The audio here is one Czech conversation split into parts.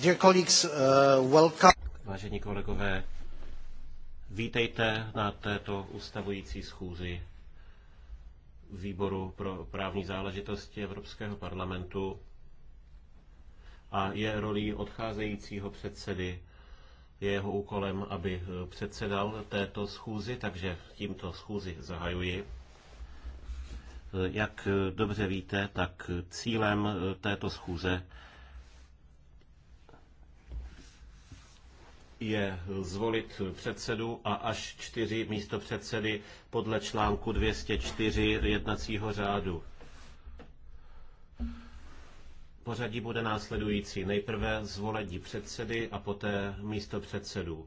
Dear colleagues, uh, welcome. Vážení kolegové, vítejte na této ustavující schůzi výboru pro právní záležitosti Evropského parlamentu a je rolí odcházejícího předsedy je jeho úkolem, aby eh, předsedal této schůzi, takže tímto schůzi zahajuji. Eh, jak eh, dobře víte, tak cílem této schůze je zvolit předsedu a až čtyři místo předsedy podle článku 204 jednacího řádu. Pořadí bude následující. Nejprve zvolení předsedy a poté místo předsedů.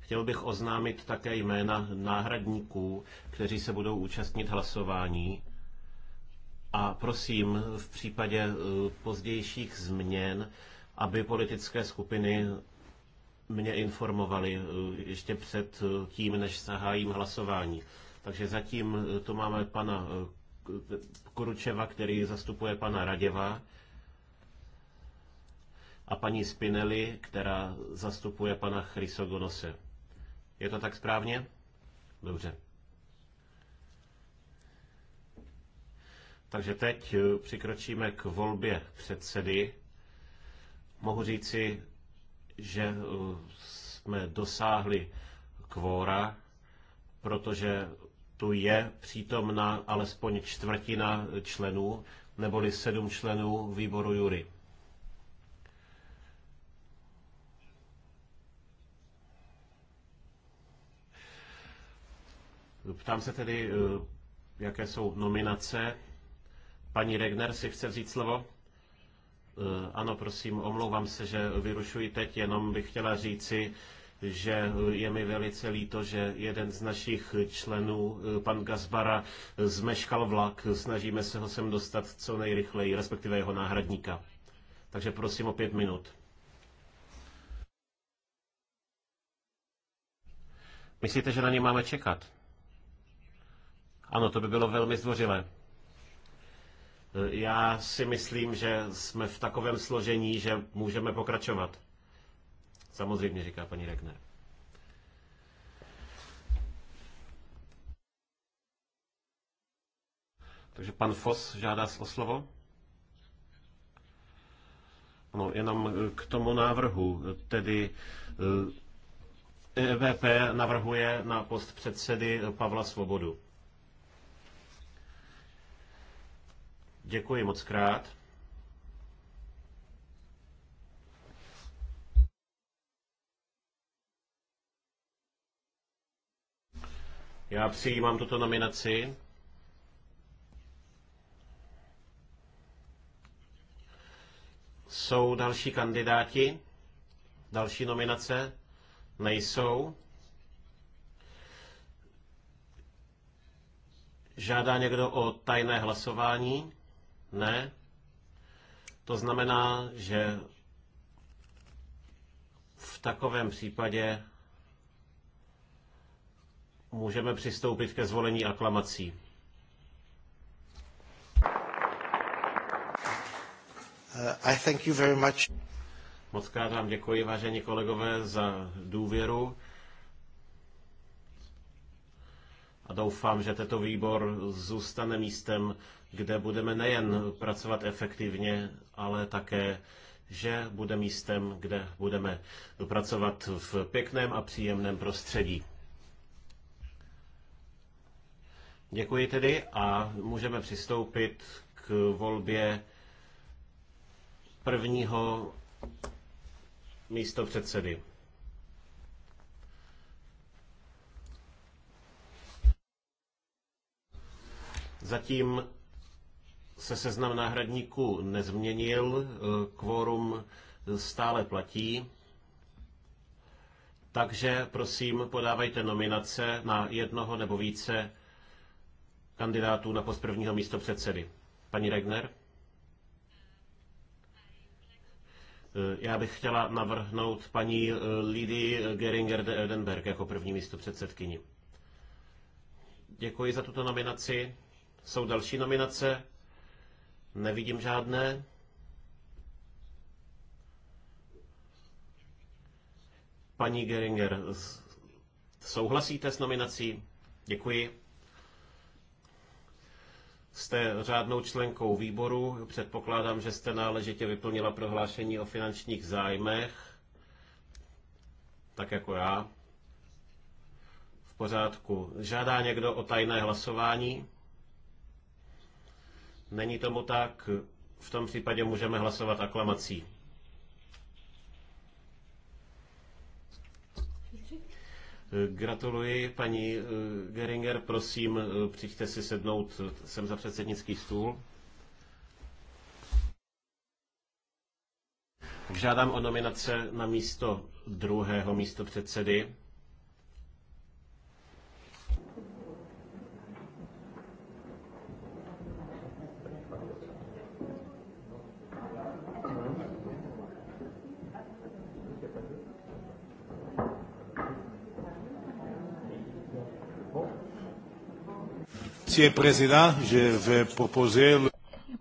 Chtěl bych oznámit také jména náhradníků, kteří se budou účastnit hlasování. A prosím, v případě eh, pozdějších změn aby politické skupiny mě informovali eh, ještě před eh, tím, než zahájím hlasování. Takže zatím eh, tu máme pana Kuručeva, který zastupuje pana Raděva a paní Spinelli, která zastupuje pana Chrysogonose. Je to tak správně? Dobře. Takže teď přikročíme k volbě předsedy mohu říci, že uh, jsme dosáhli kvóra, protože tu je přítomna alespoň čtvrtina členů, neboli sedm členů výboru jury. Ptám se tedy, uh, jaké jsou nominace. Paní Regner si chce vzít slovo? Eh, ano, prosím, omlouvám se, že vyrušuji teď, jenom bych chtěla říci, že eh, je mi velice líto, že jeden z našich členů, eh, pan Gazbara, zmeškal vlak. Snažíme se ho sem dostat co nejrychleji, respektive jeho náhradníka. Takže prosím o pět minut. Myslíte, že na ně máme čekat? Ano, to by bylo velmi zdvořilé. Já si myslím, že jsme v takovém složení, že můžeme pokračovat. Samozřejmě, říká paní Regner. Takže pan Fos žádá o slovo. No, jenom k tomu návrhu, tedy EVP eh, e navrhuje na post předsedy Pavla Svobodu. Děkuji moc krát. Já přijímám tuto nominaci. Jsou další kandidáti? Další nominace? Nejsou. Žádá někdo o tajné hlasování? Ne. To znamená, že v takovém případě můžeme přistoupit ke zvolení aklamací. Uh, I thank you very much. Moc krát vám děkuji, vážení kolegové, za důvěru. a doufám, že tento výbor zůstane místem, kde budeme nejen pracovat efektivně, ale také že bude místem, kde budeme pracovat v pěkném a příjemném prostředí. Děkuji tedy a můžeme přistoupit k volbě prvního místo předsedy. Zatím se seznam náhradníků nezměnil, eh, kvórum stále platí. Takže prosím, podávejte nominace na jednoho nebo více kandidátů na post prvního místo předsedy. Paní Regner? Eh, já bych chtěla navrhnout paní eh, Lidy Geringer de Edenberg jako první místo předsedkyni. Děkuji za tuto nominaci. Jsou další nominace? Nevidím žádné. Paní Geringer, souhlasíte s nominací? Děkuji. Jste řádnou členkou výboru, předpokládám, že jste náležitě vyplnila prohlášení o finančních zájmech, tak jako já. V pořádku. Žádá někdo o tajné hlasování? Není tomu tak, v tom případě můžeme hlasovat aklamací. Gratuluji, paní eh, Geringer, prosím, eh, přijďte si sednout eh, sem za předsednický stůl. Žádám o nominace na místo druhého místo předsedy.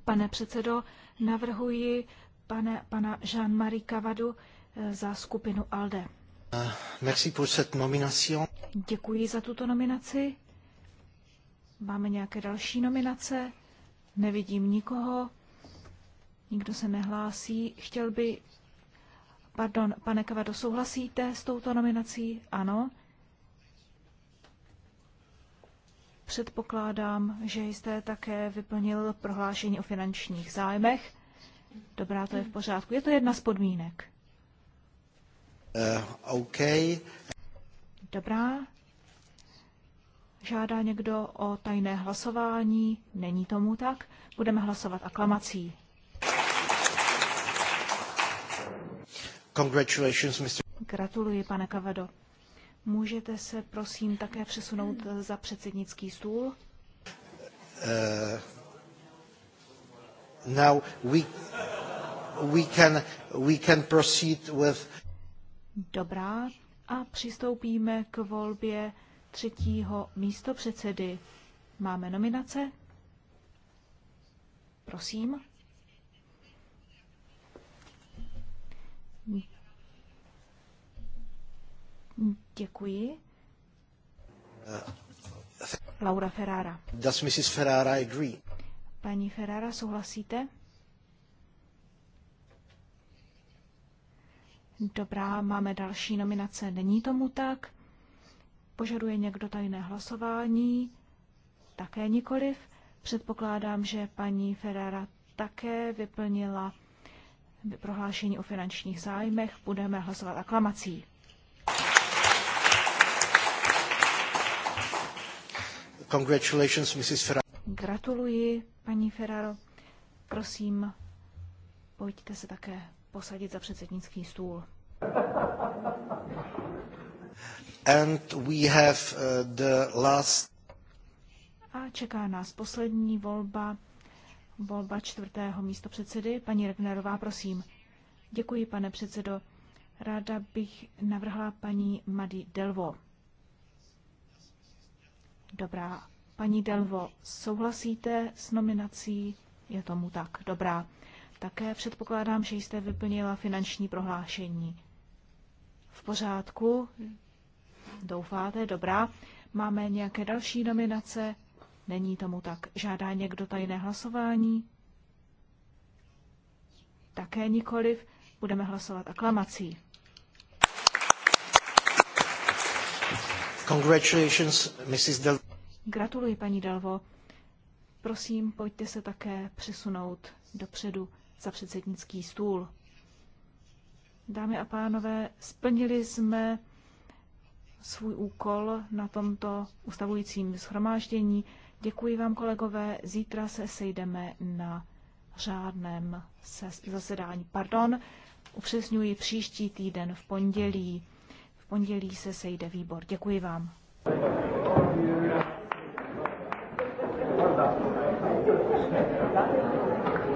Pane předsedo, navrhuji pane, pana Jean-Marie Cavadu eh, za skupinu ALDE. Eh, merci pour cette nomination. Děkuji za tuto nominaci. Máme nějaké další nominace? Nevidím nikoho. Nikdo se nehlásí. Chtěl by... Pardon, pane Kavado, souhlasíte s touto nominací? Ano. Předpokládám, že jste také vyplnil prohlášení o finančních zájmech. Dobrá, to je v pořádku. Je to jedna z podmínek. Uh, OK. Dobrá. Žádá někdo o tajné hlasování? Není tomu tak. Budeme hlasovat aklamací. Congratulations, Mr. Gratuluji, pane Kavado. Můžete se prosím také přesunout za předsednický stůl? Uh, now we, we, can, we can proceed with... Dobrá, a přistoupíme k volbě třetího místopředsedy. Máme nominace? Prosím. Děkuji. Laura Ferrara. Does Mrs. Ferrara agree? Paní Ferrara, souhlasíte? Dobrá, máme další nominace. Není tomu tak? Požaduje někdo tajné hlasování? Také nikoliv. Předpokládám, že paní Ferrara také vyplnila prohlášení o finančních zájmech. Budeme hlasovat aklamací. Congratulations, Mrs. Ferraro. Gratuluji, paní Ferraro. Prosím, pojďte se také posadit za předsednický stůl. And we have uh, the last... A čeká nás poslední volba, volba čtvrtého místopředsedy. Paní Regnerová, prosím. Děkuji, pane předsedo. Ráda bych navrhla paní Madi Delvo. Dobrá. Paní Delvo, souhlasíte s nominací? Je tomu tak. Dobrá. Také předpokládám, že jste vyplnila finanční prohlášení. V pořádku? Doufáte? Dobrá. Máme nějaké další nominace? Není tomu tak. Žádá někdo tajné hlasování? Také nikoliv. Budeme hlasovat aklamací. Congratulations, Mrs. Del... Gratuluji, paní Dalvo. Prosím, pojďte se také přesunout dopředu za předsednický stůl. Dámy a pánové, splnili jsme svůj úkol na tomto ustavujícím schromáždění. Děkuji vám, kolegové. Zítra se sejdeme na řádném zasedání. Pardon, upřesňuji příští týden v pondělí pondělí se sejde výbor. Děkuji vám.